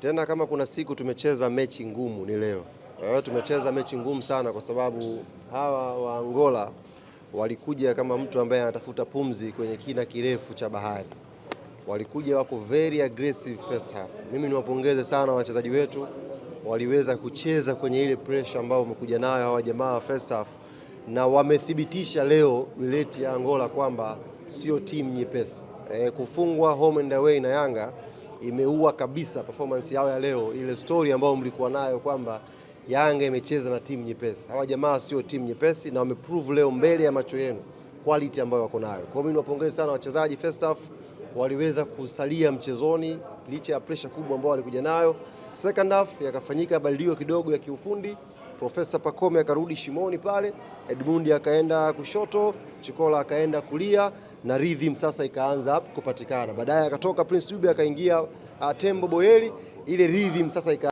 Tena kama kuna siku tumecheza mechi ngumu ni leo. Eh, tumecheza mechi ngumu sana kwa sababu hawa wa Angola walikuja kama mtu ambaye anatafuta pumzi kwenye kina kirefu cha bahari. Walikuja wako very aggressive first half. Mimi niwapongeze sana wachezaji wetu, waliweza kucheza kwenye ile pressure ambayo wamekuja nayo hawa jamaa first half, na wamethibitisha leo wileti ya Angola kwamba sio timu nyepesi. Eh, kufungwa home and away na Yanga imeua kabisa performance yao ya leo, ile story ambayo mlikuwa nayo kwamba Yanga imecheza na timu nyepesi. Hawa jamaa sio timu nyepesi, na wameprove leo mbele ya macho yenu quality ambayo wako nayo. Kwa hiyo mimi niwapongeze sana wachezaji, first half waliweza kusalia mchezoni licha ya pressure kubwa ambayo walikuja nayo. Second half yakafanyika badilio kidogo ya kiufundi, Profesa Pacome akarudi shimoni pale, Edmund akaenda kushoto, Chikola akaenda kulia na rhythm sasa ikaanza kupatikana. Baadaye akatoka Prince Dube akaingia ah, Tembo Boyeli, ile rhythm sasa ika